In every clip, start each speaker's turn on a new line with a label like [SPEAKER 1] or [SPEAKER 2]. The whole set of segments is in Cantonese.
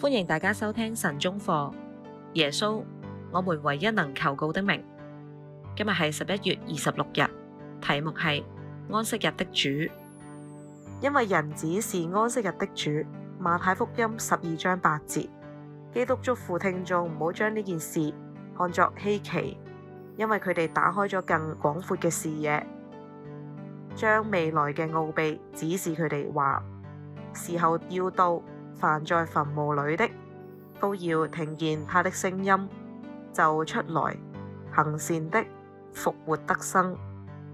[SPEAKER 1] 歡迎大家收聽神中課，耶穌，我們唯一能求告的名。今日係十一月二十六日，題目係安息日的主。因為人子是安息日的主。馬太福音十二章八節，基督囑咐聽眾唔好將呢件事看作稀奇，因為佢哋打開咗更廣闊嘅視野，將未來嘅奧秘指示佢哋話，時候要到。凡在墳墓裏的，都要聽見他的聲音，就出來，行善的復活得生，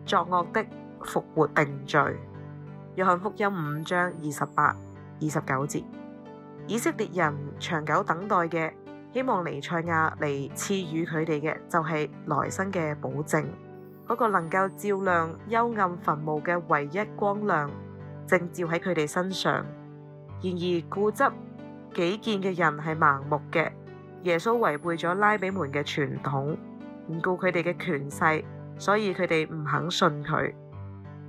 [SPEAKER 1] 作惡的復活定罪。約翰福音五章二十八、二十九節：以色列人長久等待嘅，希望尼賽亞嚟賜予佢哋嘅，就係來生嘅保證。嗰個能夠照亮幽暗墳墓嘅唯一光亮，正照喺佢哋身上。然而固執己見嘅人係盲目嘅，耶穌違背咗拉比們嘅傳統，唔顧佢哋嘅權勢，所以佢哋唔肯信佢。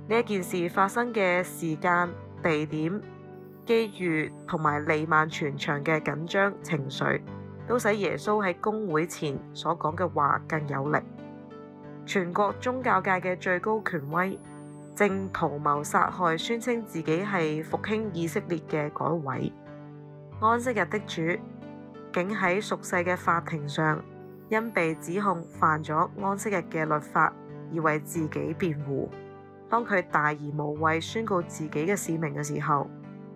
[SPEAKER 1] 呢件事發生嘅時間、地點、機遇同埋彌漫全場嘅緊張情緒，都使耶穌喺公會前所講嘅話更有力。全國宗教界嘅最高權威。正圖謀殺害，宣稱自己係復興以色列嘅位。安息日的主，竟喺屬世嘅法庭上，因被指控犯咗安息日嘅律法而為自己辯護。當佢大而無畏，宣告自己嘅使命嘅時候，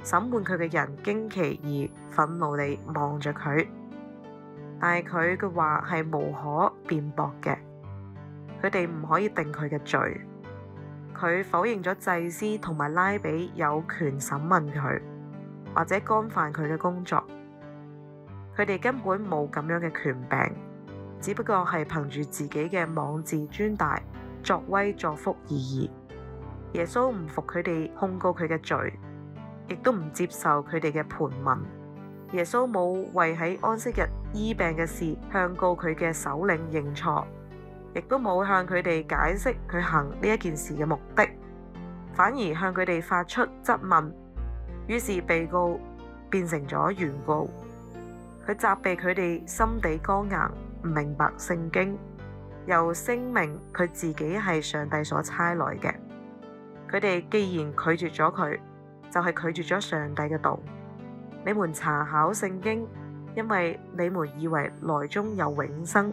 [SPEAKER 1] 審判佢嘅人驚奇而憤怒地望着佢，但係佢嘅話係無可辯駁嘅，佢哋唔可以定佢嘅罪。佢否認咗祭司同埋拉比有權審問佢，或者干犯佢嘅工作。佢哋根本冇咁樣嘅權柄，只不過係憑住自己嘅妄自尊大，作威作福而已。耶穌唔服佢哋控告佢嘅罪，亦都唔接受佢哋嘅盤問。耶穌冇為喺安息日醫病嘅事向告佢嘅首領認錯。亦都冇向佢哋解釋佢行呢一件事嘅目的，反而向佢哋發出質問。於是被告變成咗原告，佢責備佢哋心地剛硬，唔明白聖經，又聲明佢自己係上帝所差來嘅。佢哋既然拒絕咗佢，就係拒絕咗上帝嘅道。你們查考聖經，因為你們以為內中有永生。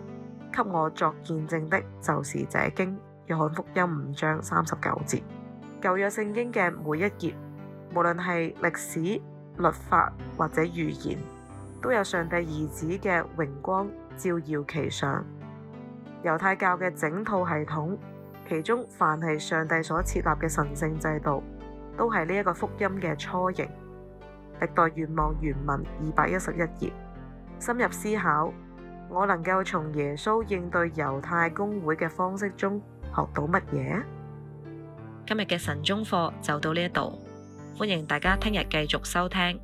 [SPEAKER 1] 給我作見證的，就是這經。約翰福音五章三十九節，舊約聖經嘅每一頁，無論係歷史、律法或者預言，都有上帝兒子嘅榮光照耀其上。猶太教嘅整套系統，其中凡係上帝所設立嘅神聖制度，都係呢一個福音嘅雛形。歷代願望原文二百一十一頁，深入思考。我能夠從耶穌應對猶太公會嘅方式中學到乜嘢？今日嘅晨鐘課就到呢一度，歡迎大家聽日繼續收聽。